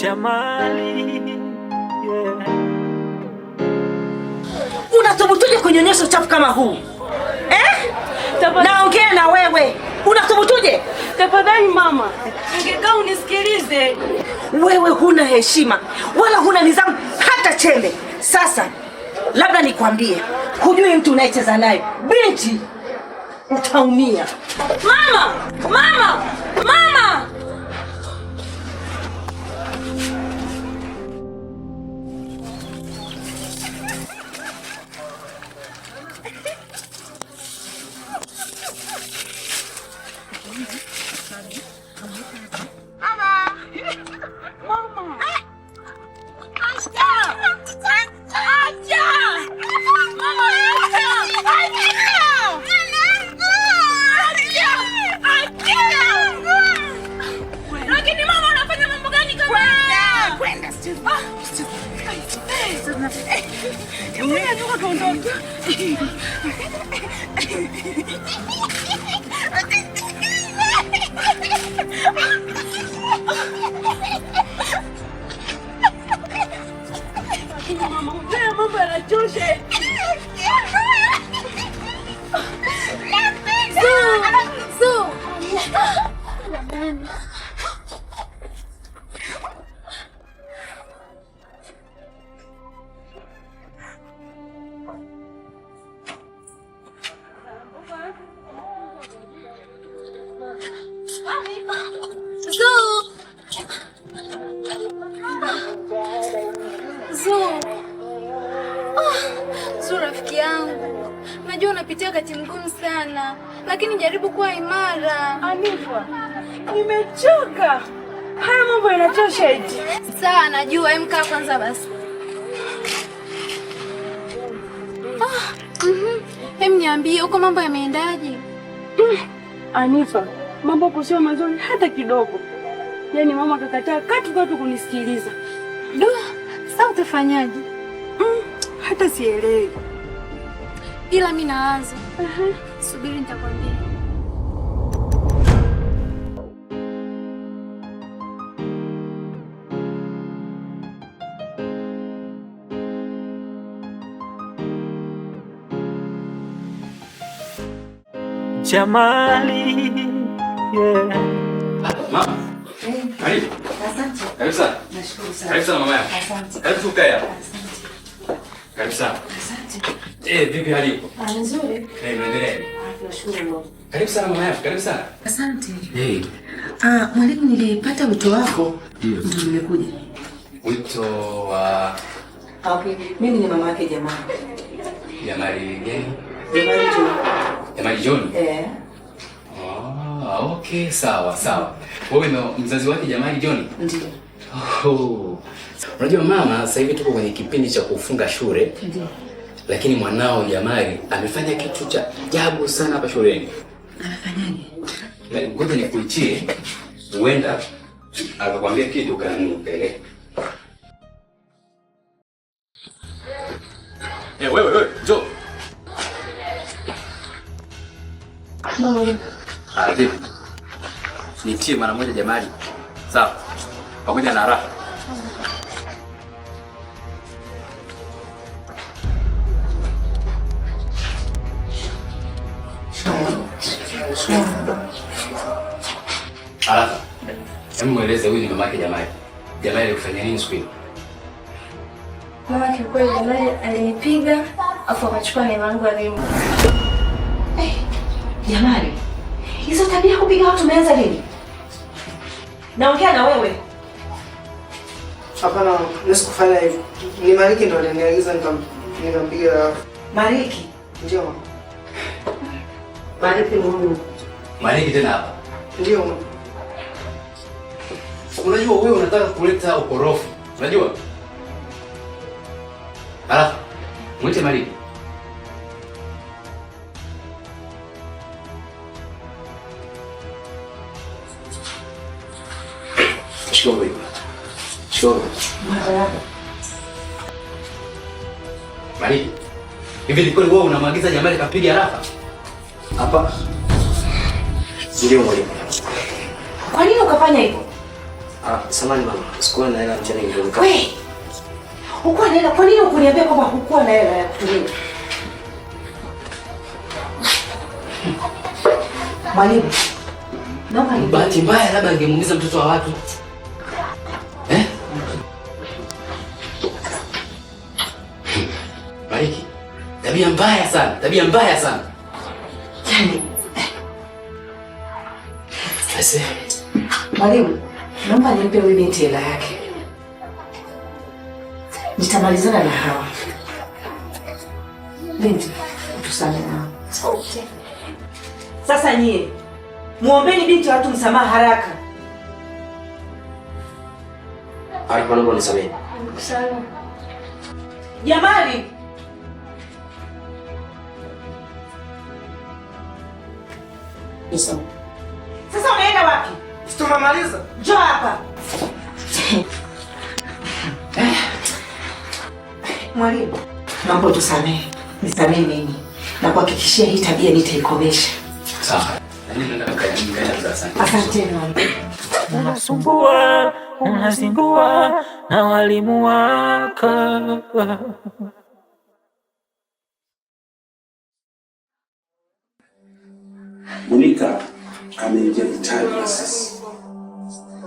cha kwenye yeah. Unathubutuja kunyonyesha uchafu kama huu eh? Naongea na wewe, unatubutuje? Tafadhali mama, ingekaa unisikilize. Wewe huna heshima wala huna nidhamu hata chembe. Sasa labda nikwambie, hujui mtu unayecheza naye, binti, utaumia. Mama, mama, mama wakati mgumu sana, lakini jaribu kuwa imara. Anifa, nimechoka. Haya mambo yanachosha eti. Sawa, najua. Emkaa kwanza basi. Ah, mm Hem, niambie huko mambo yameendaje? Mm. Anifa, mambo kusio mazuri hata kidogo. Yaani mama akakataa katu katu kunisikiliza. Duh, sasa utafanyaje? Mm, hata sielewi ila mi naanza. Subiri nitakwambia. Jamali, yeah. Mama. Karibu. Asante. Karibu sana. Nashukuru sana. Karibu sana mama Asante. Karibu sana. Karibu sana. Eh, vipi hali iko? Ah, nzuri. Eh, naendelea. Ah, Nashukuru. Karibu sana mwana yangu, karibu sana. Asante. Eh. Ah, mwalimu nilipata wito wako. Ndio. Ndio nimekuja. Wito wa ah, Okay, mimi ni mama yake jamaa. Jamari gani? Jamari John. Jamari John? Eh. Ah, okay, sawa sawa. Wewe ndo mzazi wake Jamali John? Ndio. Oh. Unajua mama, sasa hivi tuko kwenye kipindi cha kufunga shule. Ndio lakini mwanao Jamali amefanya kitu cha ajabu sana hapa shuleni. Amefanyaje? Ngoja nikuitie, huenda akakwambia kitu kanipele. Eh, wewe wewe, njoo. Nitie mara moja Jamali, Sawa. Pamoja na raha. Lakini mweleze huyu ni mama yake Jamali. Jamali alikufanya nini siku hiyo? Mama kiukweli, Jamali alinipiga afu akachukua mema yangu alimu. Hey, eh, Jamali, hizo tabia kupiga watu umeanza lini? Naongea na wewe. Hapana, nisi kufanya hivyo. Ni Mariki ndo aliniagiza nikampiga. Mariki? Ndio. Mariki Mungu. Mariki tena hapa? Ndio. Unajua wewe unataka kuleta ukorofi, unajua halafu mwite mali Hivi ni kweli wewe unamwagiza Jamali kapiga rafa? Hapa. Ndio mwalimu. Kwa nini ukafanya hivyo? Ah, samani mama, sikuwa na hela mchana niliondoka. Wewe. Hukuwa na hela, kwa nini hukuniambia kwamba hukuwa na hela ya kutumia? Mwalimu. Naomba ni bahati mbaya labda angemuumiza mtoto wa watu. Eh? Tabia mbaya sana, tabia mbaya sana. Yaani. Eh. Mwalimu. Naomba nimpe huyu binti hela yake, nitamalizana na hawa binti. Tusame na okay. Sasa nyie muombeni binti watu msamaha haraka. Alikuwa naomba nisamehe Jamali. Yes, Tumemaliza, njoo hapa. Mwalimu, naomba tusamehe, nisamehe mimi na kuhakikishia hii tabia nitaikomesha. Asante. Unasumbua, unazingua na walimu wako. Monica ameingia vitani na sisi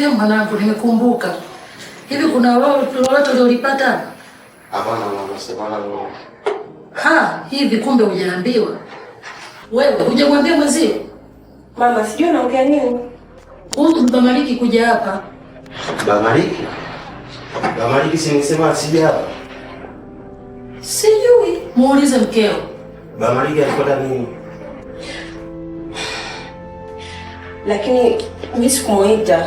Leo mwanangu, nimekumbuka. Hivi kuna lolote uliolipata? Hapana mama, sema Ha, hivi kumbe hujaambiwa. Wewe hujamwambia mwenzio? Mama, sijui naongea nini. Huyu Bamariki kuja hapa. Bamariki? Bamariki si nisema asije hapa. Sijui, muulize mkeo. Bamariki alikwenda nini? Lakini mimi sikumuita.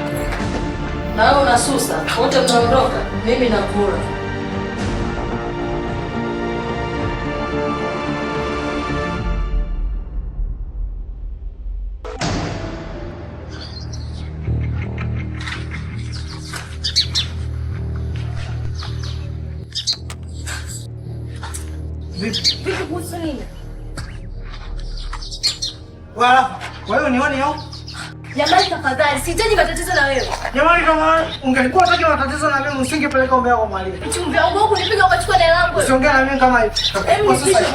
na wewe unasusa, wote mnaondoka, mimi nakula. Vipi kuhusu nini? Wala, kwa hiyo nione yao. Jamani tafadhali, sitaji matatizo na wewe. Jamani kama ungelikuwa unataka matatizo na mimi usingepeleka umbea kwa mwalimu. Chumbe wangu kunipiga ukachukua dela langu. Usiongee na mimi kama hivi. Hebu usiseme.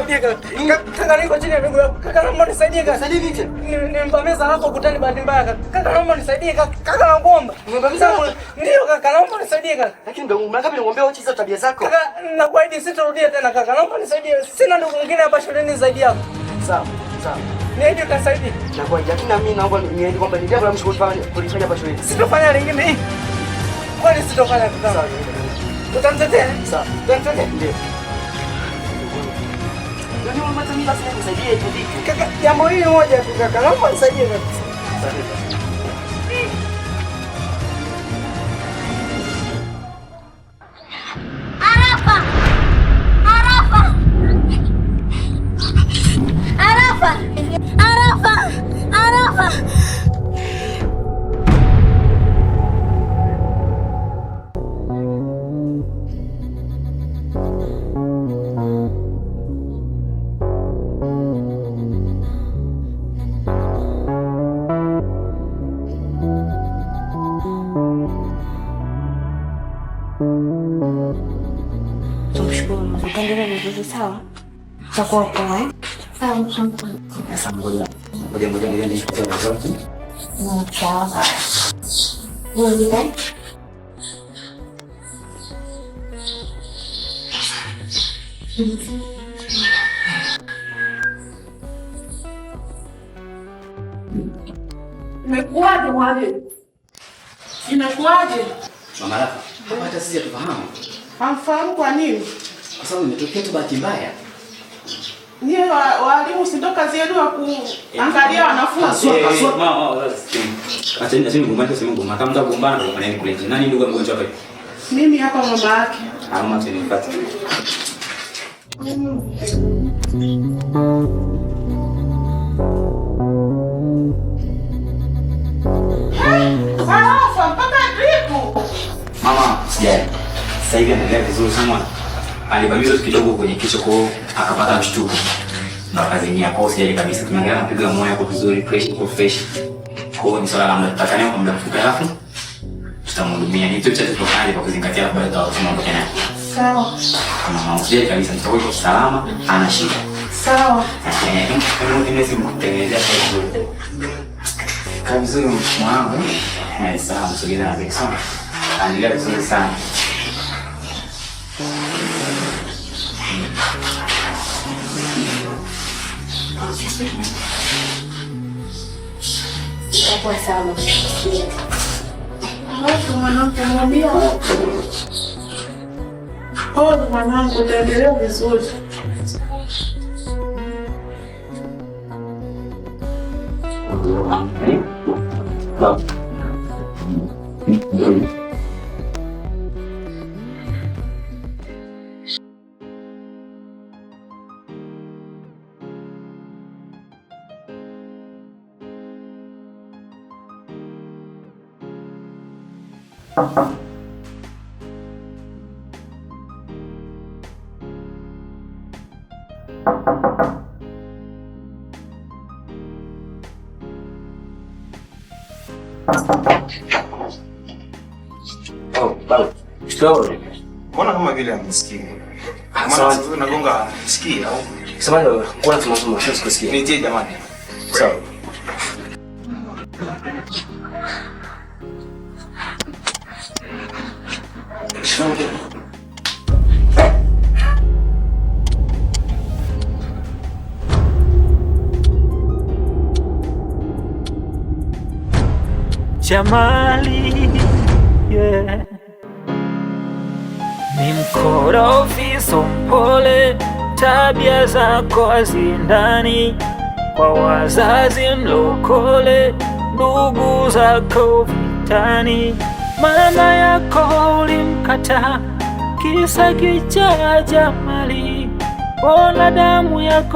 nisaidie kaka. Kaka niko chini ya miguu yako. Kaka naomba nisaidie kaka. Nisaidie nini tena? Nimevamiza hapo ukutani bahati mbaya kaka. Kaka naomba nisaidie kaka. Kaka naomba. Nimevamiza hapo. Ndio kaka naomba nisaidie kaka. Lakini ndugu mimi kama nimwambia uache hizo tabia zako. Kaka nakuahidi sitarudia tena kaka. Naomba nisaidie. Sina ndugu mwingine hapa shuleni zaidi yako. Sawa. Sawa. Niende kasaidie. Nakuahidi lakini mimi naomba niende kwamba ndio kama mshukuru pale polisi hapa shuleni. Sitofanya lingine. Kwani sitofanya kaka. Sawa. Utamtetea? Sawa. Utamtetea? Ndio. Jambo hili moja tu kaka, naomba nisaidie. Sawa. Tutakuwa poa Imekuwaje mwalimu? Imekuwaje? Mama, hata sisi hatufahamu. Hamfahamu kwa nini? kwa sababu imetokea tu bahati mbaya. Ndio walimu, si ndo kazi yenu ya kuangalia wanafunzi. Eh, acha niseme ngoma, acha sema ngoma. Kama mtagombana ndio maana kuleta. Nani ndugu mgonjwa hapa? Mimi hapa mama yake. Ah, mama tunipata. Mama, sijali. Sasa hivi anaendelea vizuri sana alivamiza kidogo kwenye kichwa kwao, akapata mshtuko na akazinia kwao. Sijali kabisa, tumeangalia napiga moyo kwa vizuri, fresh kwa fresh Kwa hiyo Ni swala la muda, tutakane kwa muda mfupi, alafu tutamhudumia. Ni kitu cha kutokana kwa kuzingatia habari za watu mambo tena. Sawa, kama mama, sijali kabisa, nitakuwa kwa salama, ana shida. Sawa, eh, mimi simkutengenezea kwa kabisa mwanangu. Eh, sawa, msogeza na beki sana, anaendelea vizuri sana Papagsama ko siya. Oo, tumanong tumabi ako. Oo, tumanong ko talaga result. Thank you. Oh, mbona kama vile amesikia? Maana ah, sasa tunagonga sikia au? Sasa mbona tunazungumza sio kusikia? Nitie jamani. Sawa. something? Jamali, yeah. Ni mkorofi, so tabia zako hazindani kwa wazazi, mlokole, ndugu zako vitani, mama yako uli kukata, kisa kicha jamali mali, damu yako